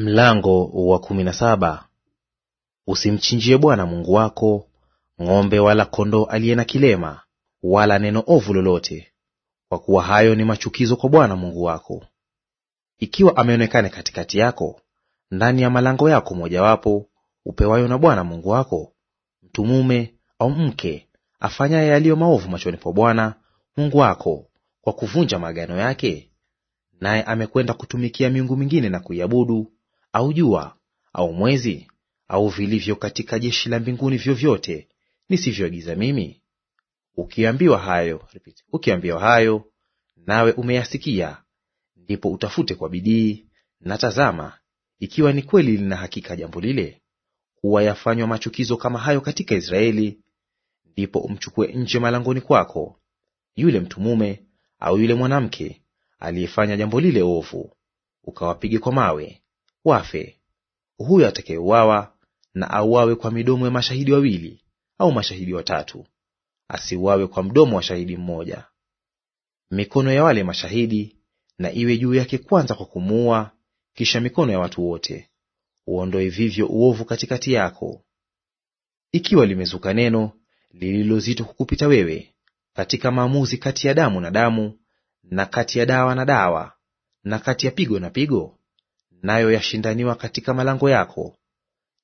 Mlango wa kumi na saba. Usimchinjie Bwana Mungu wako ng'ombe wala kondoo aliye na kilema wala neno ovu lolote, kwa kuwa hayo ni machukizo kwa Bwana Mungu wako. Ikiwa ameonekana katikati yako ndani ya malango yako mojawapo upewayo na Bwana Mungu wako, mtu mume au mke afanyaye yaliyo maovu machoni pa Bwana Mungu wako kwa kuvunja maagano yake, naye amekwenda kutumikia miungu mingine na kuiabudu au jua au mwezi au vilivyo katika jeshi la mbinguni vyovyote nisivyoagiza mimi? Ukiambiwa hayo, repeat, ukiambiwa hayo nawe umeyasikia, ndipo utafute kwa bidii na tazama, ikiwa ni kweli lina hakika jambo lile, kuwa yafanywa machukizo kama hayo katika Israeli, ndipo umchukue nje malangoni kwako yule mtu mume au yule mwanamke aliyefanya jambo lile ovu, ukawapige kwa mawe wafe, huyo atakayeuawa na auawe kwa midomo ya mashahidi wawili au mashahidi watatu, asiuawe kwa mdomo wa shahidi mmoja. Mikono ya wale mashahidi na iwe juu yake kwanza kwa kumuua, kisha mikono ya watu wote. Uondoe vivyo uovu katikati yako. Ikiwa limezuka neno lililozito kukupita wewe katika maamuzi kati ya damu na damu, na kati ya dawa na dawa, na kati ya pigo na pigo, nayo yashindaniwa katika malango yako,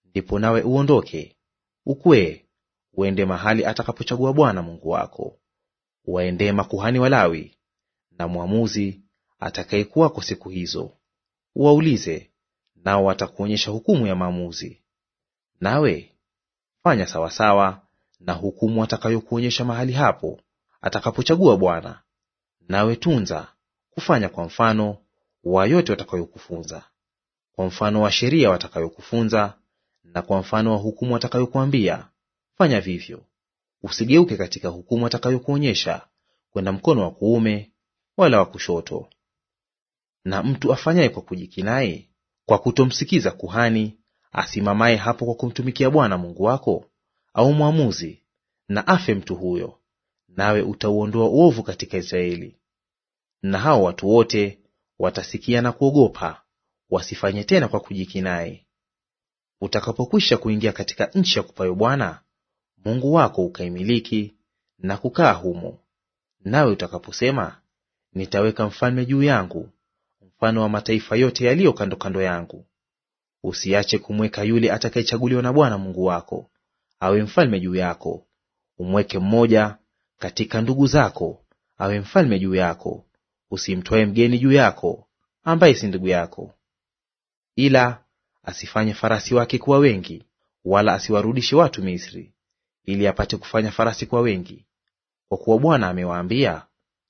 ndipo nawe uondoke ukwee, uende mahali atakapochagua Bwana Mungu wako. Waendee makuhani Walawi na mwamuzi atakayekuwako siku hizo, uwaulize, nao watakuonyesha hukumu ya maamuzi. Nawe fanya sawasawa na hukumu atakayokuonyesha mahali hapo atakapochagua Bwana. Nawe tunza kufanya kwa mfano wa yote watakayokufunza kwa mfano wa sheria watakayokufunza na kwa mfano wa hukumu watakayokuambia fanya vivyo. Usigeuke katika hukumu watakayokuonyesha kwenda mkono wa kuume wala wa kushoto. Na mtu afanyaye kwa kujikinai kwa kutomsikiza kuhani asimamaye hapo kwa kumtumikia Bwana Mungu wako au mwamuzi, na afe mtu huyo, nawe utauondoa uovu katika Israeli. Na hao watu wote watasikia na kuogopa wasifanye tena kwa kujikinai. Utakapokwisha kuingia katika nchi ya kupayo Bwana Mungu wako ukaimiliki na kukaa humo, nawe utakaposema, nitaweka mfalme juu yangu, mfano wa mataifa yote yaliyo kando kando yangu, usiache kumweka yule atakayechaguliwa na Bwana Mungu wako awe mfalme juu yako. Umweke mmoja katika ndugu zako awe mfalme juu yako, usimtwae mgeni juu yako ambaye si ndugu yako ila asifanye farasi wake kuwa wengi, wala asiwarudishe watu Misri, ili apate kufanya farasi kuwa wengi, kwa kuwa Bwana amewaambia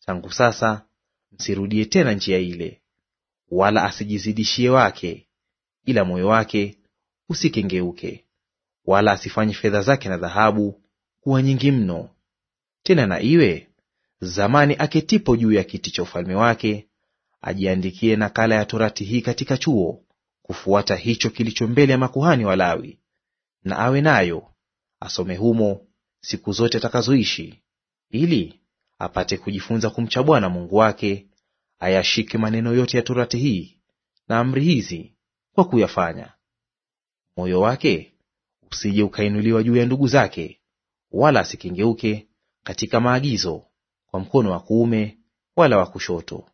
tangu sasa, msirudie tena njia ile. Wala asijizidishie wake, ila moyo wake usikengeuke, wala asifanye fedha zake na dhahabu kuwa nyingi mno. Tena na iwe zamani aketipo juu ya kiti cha ufalme wake, ajiandikie nakala ya torati hii katika chuo, kufuata hicho kilicho mbele ya makuhani Walawi, na awe nayo asome humo siku zote atakazoishi, ili apate kujifunza kumcha Bwana Mungu wake, ayashike maneno yote ya torati hii na amri hizi kwa kuyafanya. Moyo wake usije ukainuliwa juu ya ndugu zake, wala asikengeuke katika maagizo kwa mkono wa kuume wala wa kushoto,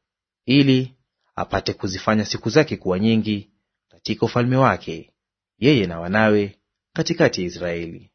ili apate kuzifanya siku zake kuwa nyingi katika ufalme wake, yeye na wanawe katikati ya Israeli.